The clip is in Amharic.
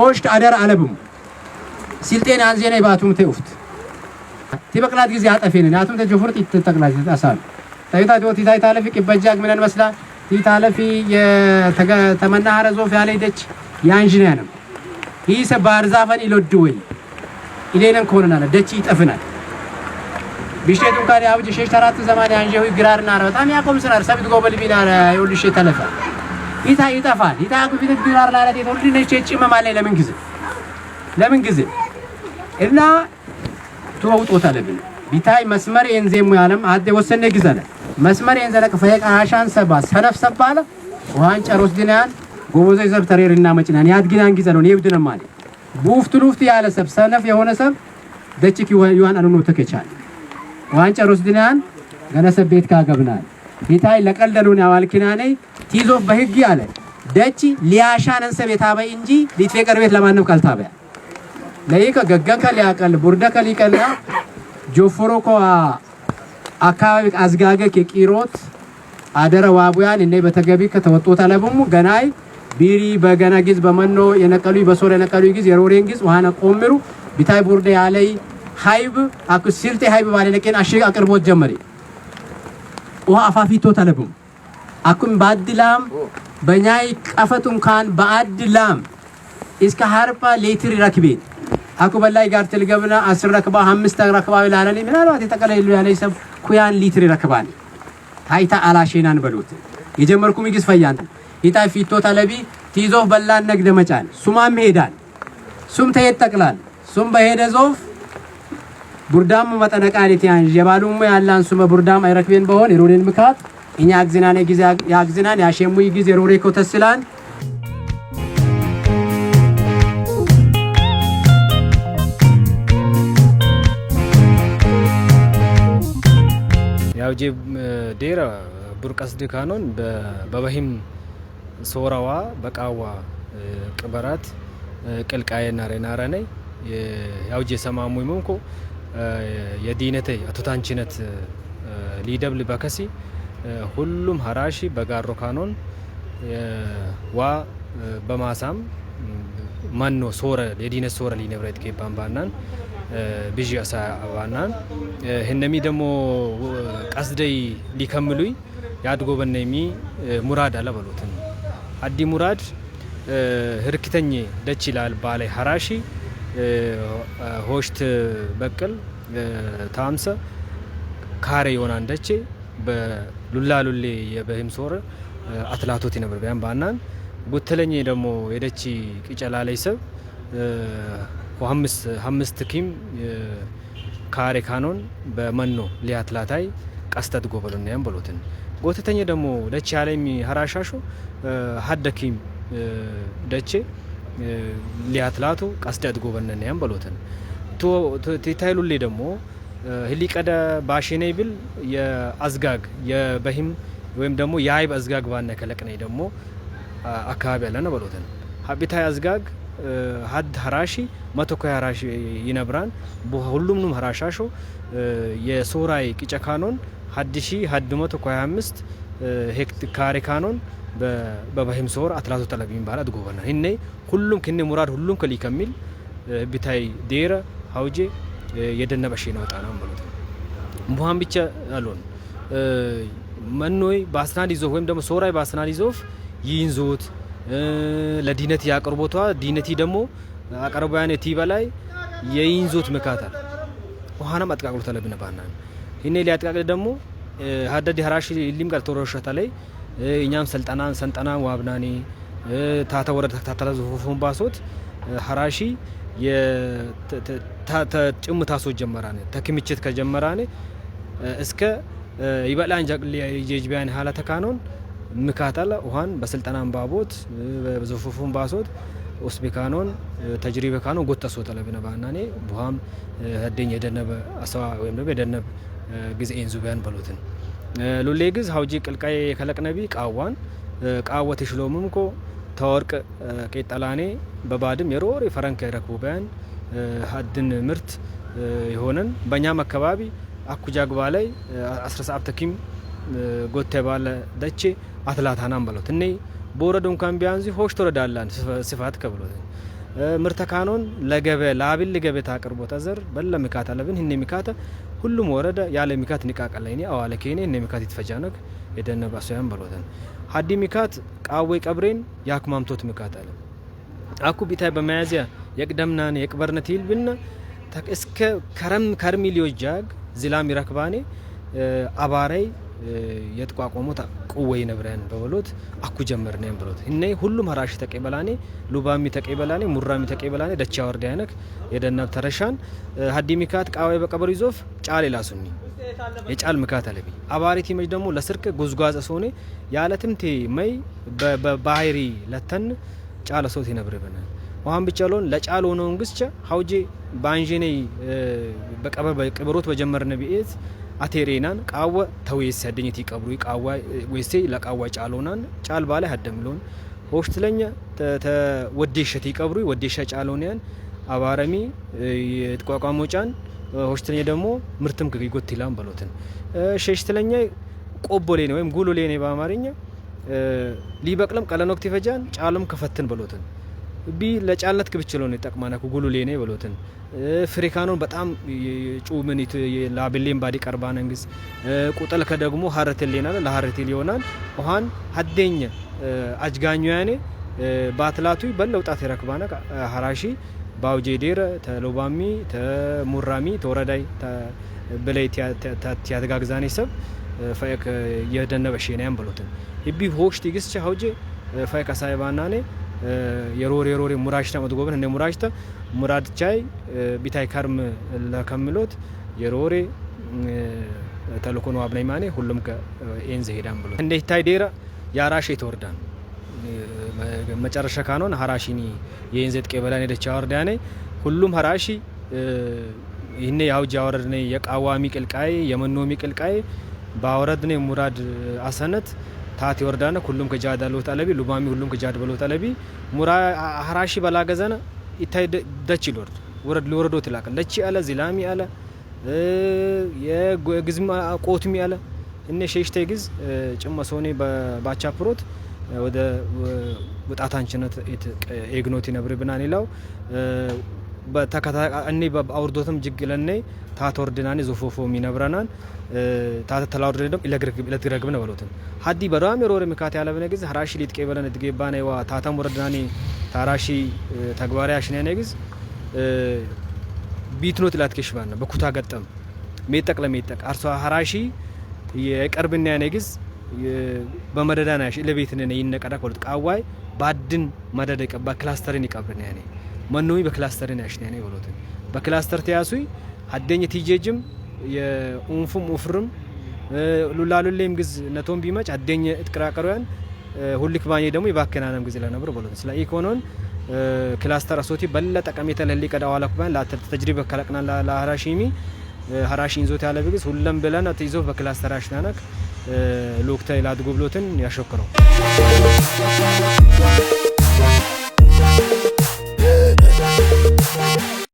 ከውሽት አደር አለብም ሲልጤን አንዜና ባቱም ተውፍት ቲበቅላት ጊዜ አጠፌንን አቱም ተጀፍርት ይተጠቅላት ይታሳል ታይታ ዶት ታይታ ለፊ ቅበጃግ ምንን መስላ ይታ ለፊ የተመና ሀረዞፍ ያለ ይደች ያንጂናንም ይህ ሰባር ዛፈን ይሎድ ወይ ኢሌነን ከሆነናል ደች ይጠፍናል ቢሽቴቱ ካሪ አብጅ ሸሽ ተራት ዘማን ያንጂው ግራርና በጣም ያቆም ስራር ሰብት ጎበል ቢና ይወልሽ ተለፋ ይታ ይጠፋል ይታቁ ቢት ዲናር ላለት ይተውል ነሽ ጭመማ ላይ ለምን ጊዜ ለምን ጊዜ እና ተውጦታ ለብን ቢታይ መስመር የንዜሙ ያለም አዴ ወሰነ ጊዘለ መስመር የንዘለቀ ፈየቃ አሻን ሰባ ሰነፍ ሰባለ ዋን ጨሮስ ዲናን ጎበዘ ይዘብ ተሬርና መጭናን ያድግናን ጊዜ ነው ይብድነ ማለት ቡፍት ሉፍት ያለ ሰብ ሰነፍ የሆነ ሰብ ደችክ ይዋን አኑኑ ተከቻል ዋን ጨሮስ ዲናን ገነሰብ ቤት ካገብናል ይታይ ለቀልደሉን ያዋልኪናኔ ቲዞ በህግ ያለ ደቺ ሊያሻነን ሰብ የታበይ እንጂ ሊትፌ ቀርቤት ለማንም ካልታበያ ለይከ ገገከ ሊያቀል ቡርደከ ሊቀና ጆፎሮ ኮ አካባቢ አዝጋገ ከቂሮት አደረ ዋቡያን እኔ በተገቢ ከተወጦታ ለብሙ ገናይ ቢሪ በገና ጊዝ በመኖ የነቀሉ በሶር የነቀሉ ጊዝ የሮሬን ጊዝ ዋና ቆምሩ ቢታይ ቡርደ ያለይ ሃይብ አኩ ሲልቴ ሃይብ ባለነቀን አሽግ አቅርቦት ጀመሪ ውሃ አፋፊቶ ተለብሙ አኩም ላም በኛይ ቀፈቱን ካን ቀፈቱንካን ላም እስከ ሀርፓ ሌትር ረክቤት አኩ በላይ ጋር ትልገብና አስር ረክባ አምስት ረክባ ላለኔ ምናልባት የጠቀለሉ ያለ ሰብ ኩያን ሊትር ረክባል ታይታ አላሼናን በሉት የጀመርኩ ሚግስ ፈያን ይጣ ፊቶ ተለቢ ቲዞ በላን ነግደ መጫን ሱማም ሄዳል ሱም ተሄድ ጠቅላል ሱም በሄደ ዞፍ ቡርዳም መጠነቃኔት ያን የባሉሙ ያላን ሱመ ቡርዳም አይረክቤን በሆን የሮኔን ምካት እኛ አግዝናን ጊዜ ያግዝናን ያሸሙ ጊዜ ሮሬኮ ተስላን ያውጄ ዴራ ቡርቀስ ድካኖን በበሂም ሶራዋ በቃዋ ቅበራት ቅልቃዬ ናሬ ናረነይ ያውጄ ሰማሙይ መንኮ የዲነተይ አቶታንችነት ሊደብል በከሲ ሁሉም ሀራሺ በጋሮ ካኖን ዋ በማሳም ማኖ ሶረ የዲነ ሶረ ሊነብረት ኬባንባናን ብዥ አሳባናን ህነሚ ደግሞ ቀስደይ ሊከምሉይ ያድጎ በነሚ ሙራድ አለበሎትን አዲ ሙራድ ህርክተኝ ደች ይላል ባላይ ሀራሺ ሆሽት በቅል ታምሰ ካሬ የሆናን ደቼ በሉላ ሉሌ የበህም ሶር አትላቶት ነበር ቢያን ባናን ጉትለኝ ደግሞ የደቺ ቅጨላ ላይ ሰብ ሀምስት ኪም ካሬ ካኖን በመኖ ሊያትላታይ ቀስተት ጎበሉና ያን ብሎትን ጎተተኝ ደግሞ ደቼ ያለሚ ሀራሻሹ ሀደኪም ደቼ ሊያትላቱ ቀስደት ጎበነን ያን ብሎትን ቲታይሉሌ ደግሞ ህሊቀደ ባሽኔ ብል የአዝጋግ የበሂም ወይም ደግሞ የአይብ አዝጋግ ባነ ከለቅነ ደግሞ አካባቢ ያለ ነው በሎትን ሀቢታይ አዝጋግ ሀድ ሀራሺ መቶኮይ ሀራሺ ይነብራን ሁሉምንም ሀራሻሾ የሶራይ ቂጨ ካኖን ሀድ ሺ ሀድ መቶ ኮይ አምስት ሄክት ካሬ ካኖን በባሂም ሶር አትላቶ ጠለብ ባህል አድጎበና ህኔ ሁሉም ክኔ ሙራድ ሁሉም ከሊ ከሚል ቢታይ ዴረ ሀውጄ የደነበሽ ነውጣ ነው ማለት ነው። ቡሃን ብቻ አሉን መኖይ በአስናድ ይዞፍ ወይም ደግሞ ሶራይ በአስናድ ይዞፍ ይንዞት ለዲነት ያቀርቦቷ ዲነቲ ደግሞ አቀርቦያን እቲ በላይ የይንዞት መካታል ውሃናም አጥቃቅሎ ተለብነ ባና ይኔ ሊያጥቃቅል ደግሞ ሀደድ ሀራሽ ሊም ጋር ተወረሸታ ላይ እኛም ሰልጠና ሰንጠና ዋብናኔ ታተ ወረደ ታተላ ዙፉን ባሶት ሀራሺ ጭምት አስወጀመራነ ተክምችት ከጀመራነ እስከ ይበላን እንጃ የጅቢያን ሀላ ተካኖን ምካተለ ውሃን በስልጠናን ባቦት በዘፉፉን ባሶት ኡስቤካኖን ተጅሪበ ካኖ ጎተሶ ተለብነ ባናኔ ቡሃም ህደኝ የደነበ አሰዋ ወይም ደግሞ የደነብ ጊዜ ኤንዙቢያን በሎትን ሉሌ ግዝ ሀውጂ ቅልቃይ የከለቅነቢ ቃዋን ቃወ ተሽሎምም ኮ ተወርቅ ቄጠላኔ በባድም የሮር የፈረንከ ረኩበያን ሀድን ምርት የሆነን በእኛም አካባቢ አኩጃግባ ላይ አስረ ሰዓብ ተኪም ጎተ ባለ ደቼ አትላታናም በሎት እኔ እንኳን ቢያንዚ ሆሽ ተወረዳላን ስፋት ከብሎት ምርተካኖን ለገበ ለአብል ገበታ አቅርቦት አዘር በለ ሚካታ ለብን ህኔ ሚካታ ሁሉም ወረደ ያለ ሚካት ንቃቀለይኒ አዋለ ኬኔ እነ ሚካት ይትፈጃነክ የደነ ባሶያን በሮተን ሀዲ ሚካት ቃዌ ቀብሬን ያክማምቶት ሚካት አለ አኩ ቢታይ በመያዝያ የቅደምናን የቅበርነት ይልብና እስከ ከረም ከርሚ ሊዮጃግ ዝላም ይረክባኔ አባራይ የተቋቋሙት ቁወይ ነብረን በበሎት አኩ ጀመር ነን ብሎት እነ ሁሉም ሀራሽ ተቀበላኔ ሉባሚ ተቀበላኔ ሙራሚ ተቀበላኔ ደቻ ወርድ ያነክ የደናብ ተረሻን ሀዲ ሚካት ቃዋይ በቀበሩ ይዞፍ ጫል ይላሱኒ የጫል ምካት አለቢ አባሪቲ መጅ ደግሞ ለስርቅ ጉዝጓዝ ሶኔ ያለትምቴ መይ በባህሪ ለተን ጫለ ሶት ይነብርብና ውሃን ብቻ ሎን ለጫል ሆነውን ግስቸ ሀውጄ በአንዤኔ በቀበሮት በጀመርነ ብኤት አቴሬናን ቃወ ተወይሰደኝት ይቀብሩ ቃዋ ወይሴ ለቃዋ ጫሎናን ጫል ባለ ሀደምሎን ሆሽትለኛ ተወዴሸት ይቀብሩ ወዴሻ ጫሎንያን አባረሚ የጥቋቋሞ ጫን ሆሽትለኛ ደግሞ ምርትም ግሪጎት ይላም በሎትን ሸሽትለኛ ቆቦሌ ነው ወይም ጉሎሌ ነው በአማርኛ ሊበቅልም ቀለኖክት ይፈጃን ጫሎም ከፈትን በሎትን ቢ ለጫለት ክብችሎ ክብችሎን ይጠቅማና ጉሉሌኔ በሎትን ፍሪካኖን በጣም ጩምን ላብሌን ባዲ ቀርባ ነንግስ ቁጠል ከደግሞ ሀረቴል ሌና ለሀረቴል ይሆናል ውሃን ሀደኝ አጅጋኙ ያኔ ባትላቱ በለውጣት የረክባነ ሀራሺ ባውጄዴረ ተሎባሚ ተሙራሚ ተወረዳይ በላይ ቲያተጋግዛኔ ሰብ ፈየክ የደነበሽ ሼናያን በሎትን እቢ ሆሽ ቲግስቸ ሀውጄ ፈየክ አሳይባናኔ የሮሬ የሮሬ ሙራሽታ መትጎበን እንደ ሙራድ ቻይ ቢታይ ከርም ለከምሎት የሮሬ ተልኮኖ አብናይ ማኔ ሁሉም ከኤንዝ ሄዳን ብሎ እንደ ይታይ ዴራ ያራሽ የተወርዳን መጨረሻ ካኖን ሀራሺኒ የኤንዘ ጥቄ በላን ሄደች ወርዳኔ ሁሉም ሀራሺ ይህኔ የአውጅ አወረድኔ የቃዋሚ ቅልቃይ የመኖሚ ቅልቃይ በአወረድኔ ሙራድ አሰነት ታት ወርዳነ ሁሉም ከጃድ አለው ተለቢ ሉባሚ ሁሉም ከጃድ በለው ተለቢ ሙራ ሀራሺ በላ ገዘነ ይታይ ደች ይልወርድ ወረድ ለወረዶ ትላከ ለቺ አለ ዚላሚ አለ የግዝም ቆትሚ አለ እነ ሸሽተ ግዝ ጭመ ሶኔ ባቻ ፕሮት ወደ ወጣታንችነት ኤግኖት ይነብር ብናን ይላው እኔ አውርዶትም ጅግ ለኔ ታት ወርድናኔ ዞፎፎ የሚነብረናን ታተ ተላወርድ ደም ለትረግብ ነው ሀዲ በዳም የሮር ምካት ያለብነ ጊዜ ሀራሺ ሊጥቀ በለን ድጌባ ዋ ታተም ወርድናኔ ታራሺ ተግባሪ ያሽነነ ግዝ ቢትኖት ላትከሽ ባነ በኩታ ገጠም ሜጠቅ ለሜጠቅ አርሶ ሀራሺ የቀርብና ያኔ ግዝ በመደዳ ናሽ ለቤት ይነቀዳ ኮልት ቃዋይ ባድን መደደቀባ ክላስተርን ይቀብርና ያኔ መኖሚ በክላስተር ያሽነ ነው ይወሉት በክላስተር ተያሱይ አደኝ ቲጄጅም የኡንፉም ኡፍርም ሉላሉሌም ግዝ ነቶም ቢመጭ አደኝ እጥቅራቀሩያን ሁልክ ባኝ ደግሞ ይባከናንም ግዝ ለነብር ቦሎት ስለ ኢኮኖን ክላስተር አሶቲ በለ ጠቀሜታ ለሊ ቀዳዋላኩ ባን ላተ ተጅሪበ ከለቅና ለሀራሺሚ ሀራሺን ዞት ያለ ብግዝ ሁለም ብለን ተይዞ በክላስተር አሽናናክ ሎክተ ላድጎ ብሎትን ያሸክረው